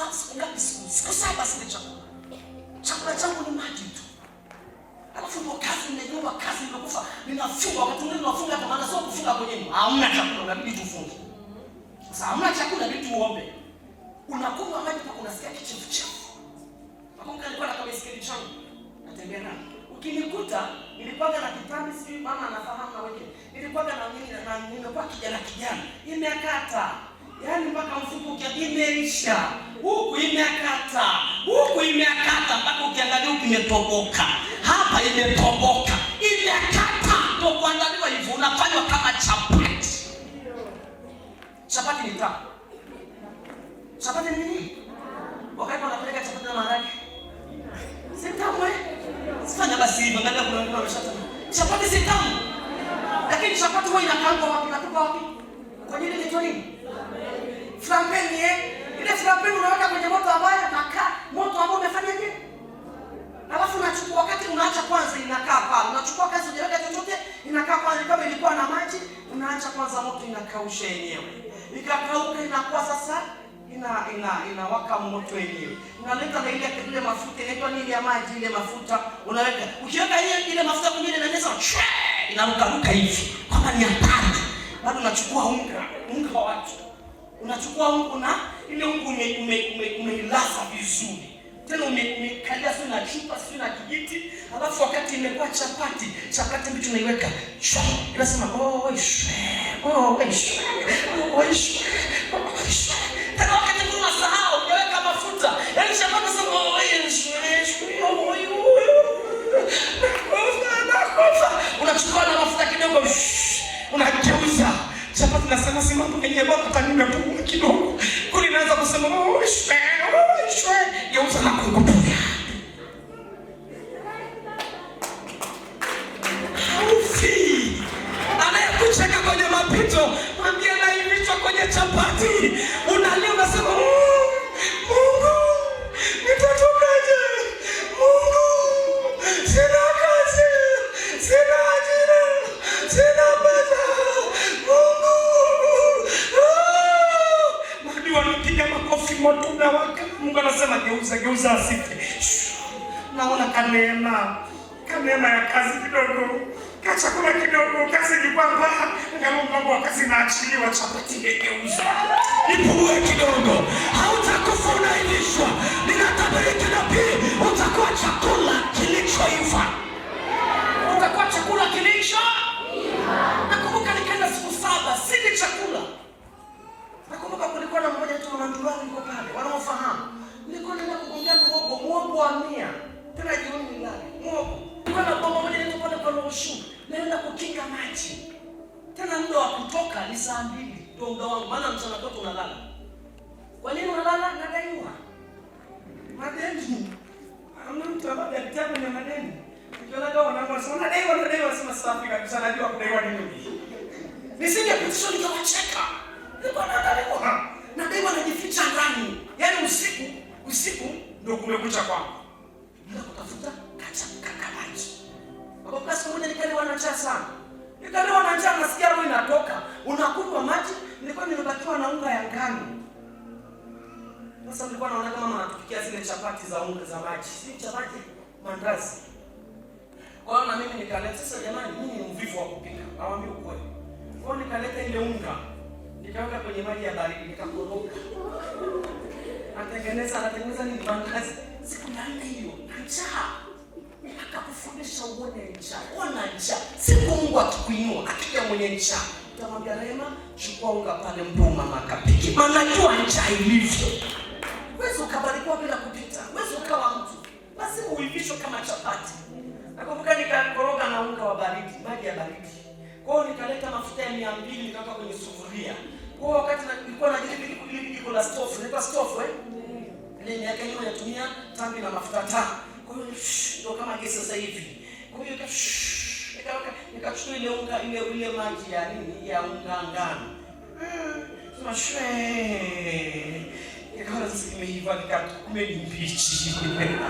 sasa siku ngapi? Siku siku saba sile chakula. Chakula changu ni maji tu. Alafu ndio kazi nimejua kazi nimekufa. Ninafunga wakati mwingine nafunga kwa maana sio kufunga mwenyewe. Hamna chakula na bibi tufunge. Sasa hamna chakula bibi tuombe. Unakunywa maji mpaka unasikia kichefu chefu. Makonga alikuwa na kabaiskeli changu. Natembea nalo. Ukinikuta nilikuwa na kitambi sijui mama anafahamu na wengine. Nilikuwa na mimi na nimekuwa kijana kijana. Imekata. Yaani mpaka mfuko ukiakimeisha huku imekata, huku imekata, mpaka ukiangalia huku imetoboka, hapa imetoboka, imekata. Ndio kuandaliwa hivyo, unafanywa kama chapati. Chapati ni tamu. Chapati ni nini? Wakati wanapeleka chapati na maharage si tamu eh? Sifanya basi hivyo, angalia kuna mtu wameshata chapati si tamu, lakini chapati huwa inakaangwa wapi? Inatoka wapi? Kwenye ile kitoni Flambeni eh gesi la pili unaweka kwenye moto ambayo unakaa moto ambao umefanya je? Alafu unachukua wakati unaacha kwanza inakaa pale. Unachukua kazi unaweka chochote inakaa pale kama ilikuwa na maji, unaacha kwanza moto inakausha yenyewe. Ikakauka inakuwa sasa ina ina inawaka moto yenyewe. Unaleta na ile ile mafuta inaitwa nini ya maji ile mafuta unaweka. Ukiweka ile ile mafuta kwenye ile inaweza inaruka ruka hivi kama ni hatari. Bado unachukua unga, unga wa watu. Unachukua unga na ile huku umeilaza vizuri tena umekalia sio na chupa sio na kijiti, alafu wakati imekuwa chapati chapati mbichi unaiweka shwa, inasema oh shwa oh shwa oh shwa oh, oh, oh shwa. Oh, tena wakati mtu unasahau unaweka mafuta, yani chapati sema oh shwa shwa oh oh, unachukua na mafuta kidogo, unageuza chapati, nasema si mambo yenyewe bado kanimepungua kidogo anaanza kusema geuza oh, kama mpango wa kazi inaachiliwa, chapati imegeuzwa. Nipungue kidogo, hautakufa unaivishwa. Ninatabiriki nabii, utakuwa chakula kilichoiva, utakuwa chakula kilicho. Nakumbuka nikaenda siku saba sili chakula. Nakumbuka kulikuwa na mmoja tu wanandugu niko pale, wanaofahamu nilikuwa naenda kugombea muogo, muogo wa mia tena jioni, nilale muogo. Nilikuwa na bomba moja nilikuwa kwa ushuru, naenda kukinga maji tena muda wa kutoka ni saa mbili ndio muda wangu, maana mchana mtoto unalala. Kwa nini unalala? Nadaiwa madeni, amna mtu ambaye alitia kwenye madeni. nadaiwa, sema kabisa, najua kudaiwa ni nini. Nisije kutisho nikawacheka, nadaiwa, nadaiwa, najificha ndani, yaani usiku usiku ndio kumekucha kwangu zile chapati za unga za maji, si chapati, mandazi. Kwa hiyo na mimi nikaleta, sasa jamani, mimi ni mvivu wa kupika, nawaambia ukweli. Kwa hiyo nikaleta ile unga nikaweka kwenye maji ya baridi, nikakoroga, natengeneza natengeneza ni mandazi. Siku ya nne hiyo njaa akakufundisha uone njaa, ona njaa. Siku Mungu akikuinua akija mwenye njaa utamwambia Rema, chukua unga pale, Mpuma makapiki, maana jua njaa ilivyo ukabarikiwa bila kupita. Uwezi ukawa mtu, lazima uivishwe kama chapati. Nakumbuka nikakoroga na unga wa baridi, maji ya baridi. Kwa hiyo nikaleta mafuta ya mia mbili nikaweka kwenye sufuria. Kwa hiyo wakati nilikuwa najaribu kujaribu jiko la stofu, nilikuwa stofu eh. Ile miaka hiyo natumia tambi na mafuta taa. Kwa hiyo ndio kama gesi sasa hivi. Kwa hiyo nikaweka nikachukua ile unga ile ile maji ya nini ya unga ngano. Mm, tunashwe. agora se me rivalicar com ele em limite.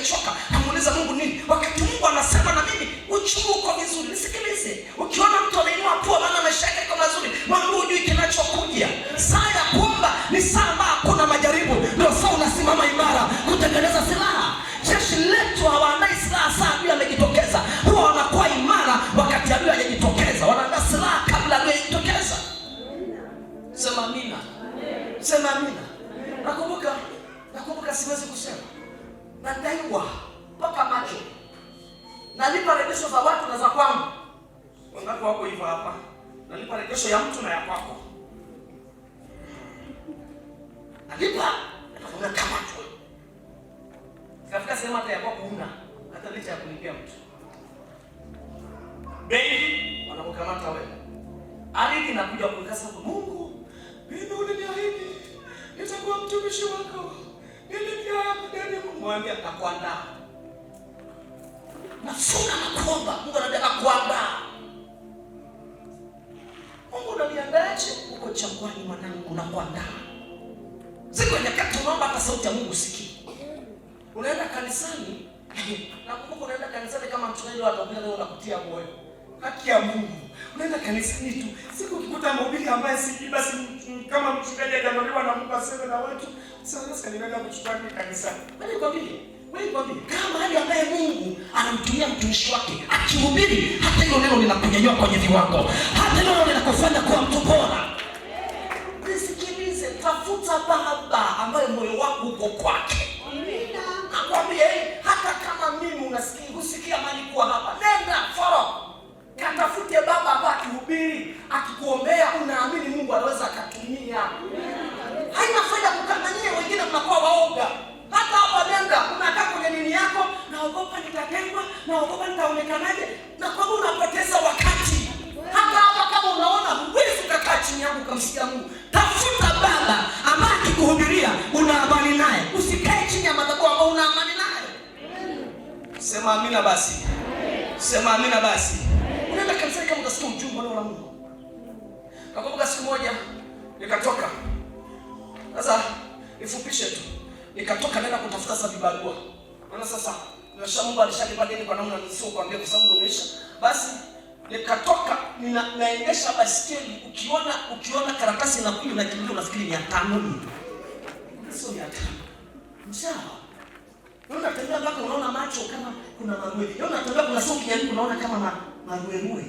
nimechoka, namuuliza Mungu nini, wakati Mungu anasema na mimi uchungu uko vizuri. Nisikilize. katika sema hata yako kuna hata licha ya kulipia mtu. Benki wanakukamata wewe. Ardhi inakuja kuikasa kwa Mungu. Mimi uliniahidi nitakuwa mtumishi wako. Nilipia mdeni kumwambia akakuandaa. Na sura kuomba Mungu anataka kuandaa. Mungu unaniandaaje? Uko changwani mwanangu, nakuandaa. Ziko nyakati unaomba hata sauti ya Mungu sikii. Unaenda kanisani kumbuka, unaenda kanisani kama mchungaji wa tabia leo nakutia moyo, haki ya Mungu, unaenda kanisani tu. Siku ukikuta mhubiri ambaye siji, basi kama mchungaji ajamaliwa na Mungu aseme na watu sasa, sasa nimeenda kuchukua ni kanisani. Wewe kwambie, wewe kwambie, kama hali ambaye Mungu anamtumia mtumishi wake akihubiri, hata hilo neno linakunyanyua kwenye viwango, hata hilo neno linakufanya kuwa mtu bora. Nisikilize, tafuta baba ambaye moyo wako uko kwake nakwambia hii, hata kama mimi unasikia husikia mali kuwa hapa, nenda foro katafute baba ambaye akihubiri akikuombea, unaamini Mungu anaweza akatumia. Haina faida kukanganyia wengine, mnakuwa waoga. Hata hapa nenda, unakaa kwenye nini yako, naogopa nitatengwa, naogopa nitaonekanaje, na kwa sababu unapoteza wakati. Hata hapa kama unaona huwezi ukakaa chini yangu ukamsikia Mungu, tafuta baba ambaye akikuhubiria, una amani naye usikae chini ya matako ambayo una amani nayo. Sema amina basi. Sema amina basi. Unaenda kanisani kama utasikia ujumbe wa Mungu. Nakumbuka siku moja nikatoka. Sasa nifupishe tu. Nikatoka nenda kutafuta sasa vibarua. Maana sasa nimesha Mungu alishanipa deni kwa namna nisio kuambia kwa sababu umeisha. Basi nikatoka nina, naendesha baiskeli ukiona ukiona karatasi inakuja na kimbio unafikiri ni 500. Sawa. Unatembea mpaka unaona macho kama kuna maruwe. Yeye unatembea kuna sio kijani unaona kama ma, maruwe ruwe.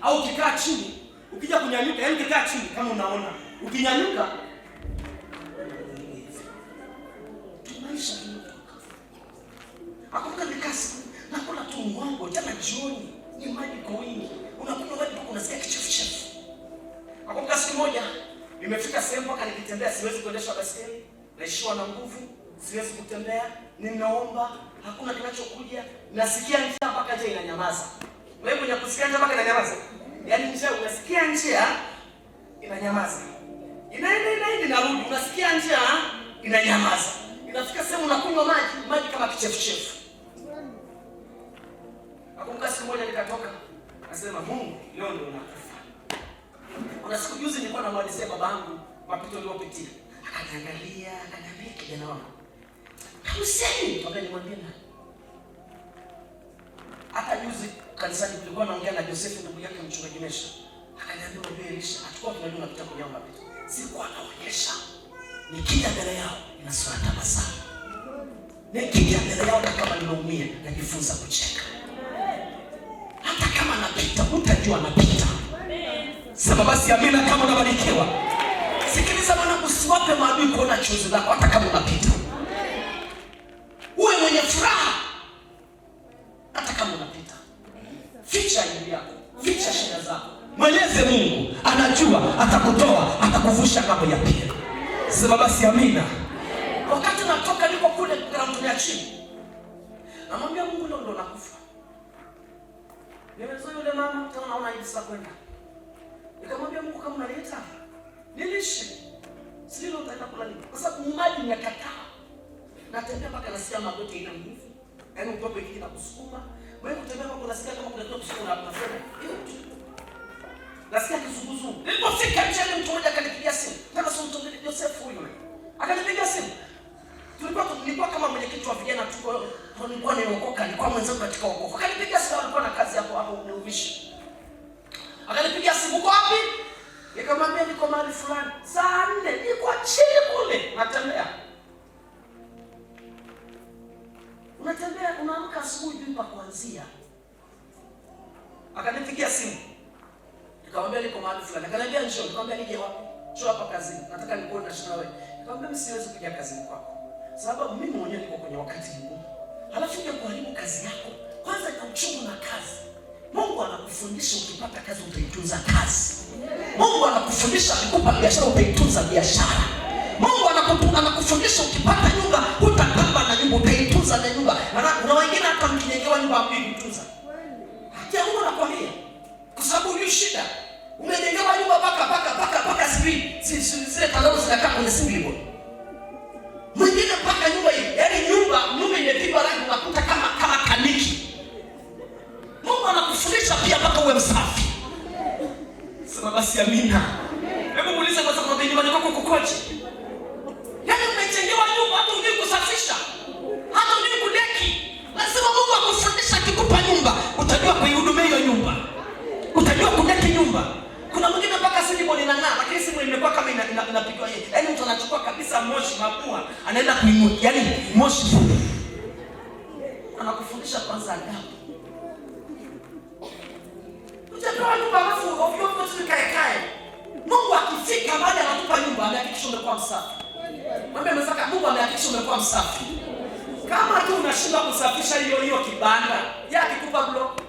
Au ukikaa chini, ukija kunyanyuka, yaani ukikaa chini kama unaona. Ukinyanyuka maisha Akumbuka nikaa siku nakula tu mwango tena jioni ni maji kwa wingi. Unakunywa maji mpaka unasikia kichefuchefu. Akumbuka siku moja nimefika sehemu mpaka nikitembea siwezi kuendesha baiskeli, naishiwa na nguvu siwezi kutembea, nimeomba hakuna kinachokuja, nasikia njia mpaka njia inanyamaza. Wewe mwenye kusikia njia mpaka inanyamaza, yaani njia unasikia njia inanyamaza, inaenda inaenda inarudi, unasikia njia inanyamaza, inafika sehemu unakunywa maji maji kama kichefuchefu. Nakumbuka siku moja nikatoka nasema, Mungu leo ndio nakufa. Kuna siku juzi nilikuwa namwalizia babangu mapito aliyopitia, akaniangalia akaniambia, kijana wangu Kauseni wakalimwambia nani? Hata juzi kanisani tulikuwa naongea na Joseph ndugu yake mchungaji Mesha. Akaniambia wewe Elisha, atakuwa tunajua unapita kwenye mambo mapito. Sikuwa naonyesha. Nikija mbele yao inasura tabasamu. Nikija mbele yao kama ninaumia najifunza kucheka. Hata kama napita utajua napita. Sasa basi amina kama unabarikiwa. Sikiliza mwanangu, usiwape maadui kuona chozi lako hata kama unapita mwenye furaha, hata kama unapita. Ficha aibu yako, ficha shida zako, mweleze Mungu, anajua atakutoa, atakuvusha mambo ya pia. Sema basi, amina. Wakati natoka niko kule ground ya chini, namwambia Mungu, leo ndo nakufa. Nimezoea yule mama, tena naona hivi sasa kwenda, nikamwambia Mungu, kama unaleta nilishe, sio utaenda kula nini? Kwa sababu maji ni kataa natembea mpaka nasikia magoti ina nguvu, yaani upepo ikija na kusukuma. Wewe kutembea mpaka nasikia kama kuna kitu kusukuma hapo nasema Nasikia kizunguzu. Nilipofika mchana mtu mmoja akanipigia simu. Kama sio mtu mwingine Joseph huyo. Akanipigia simu. Tulikuwa tulikuwa kama mwenyekiti wa vijana tuko nilikuwa nimeokoka, nilikuwa mwenzangu katika wokovu. Akanipigia simu alikuwa na kazi hapo hapo uniumishi. Akanipigia simu uko wapi? Nikamwambia niko mahali fulani. Saa 4 niko chini kule natembea. unatembea unaamka asubuhi juu pa kuanzia. Akanipigia simu nikamwambia niko mahali fulani, akaniambia njoo. Nikamwambia nije wapi? Njoo hapa kazini, nataka nikuone na shida wewe. Nikamwambia mimi siwezi kuja kazini kwako, sababu mimi mwenyewe niko kwenye wakati mgumu, halafu uje kuharibu kazi yako. Kwanza ina uchungu na kazi. Mungu anakufundisha ukipata kazi utaitunza kazi. Mungu anakufundisha akikupa biashara utaitunza biashara. Mungu anakufundisha ukipata Mungu akuikutuza. Hata Mungu nakwambia. Kwa sababu ni shida. Umejengewa nyumba paka paka paka paka sivii. Si si zile tazama zinakaa kwenye single board. Mwingine paka nyumba hii. Yaani nyumba nyumba imepigwa rangi unakuta kama kama kaniki. Mungu anakufundisha pia mpaka uwe msafi. Sema basi amina. Hebu muulize kwanza kwa nyumbani kwako kukoje? ni nyumba. Kuna mwingine mpaka simu inang'aa, lakini simu imekuwa kama inapigwa ina, ina yeye. Yaani mtu anachukua kabisa moshi mapua, anaenda kuimuti, yaani moshi Anakufundisha kwanza adabu. Utapewa nyumba alafu ovyo ovyo tu kae kae. Mungu akifika baada ya anatupa nyumba, amehakikisha umekuwa msafi. Mwambie msaka Mungu amehakikisha umekuwa msafi. Kama tu unashindwa kusafisha hiyo hiyo kibanda, yeye akikupa block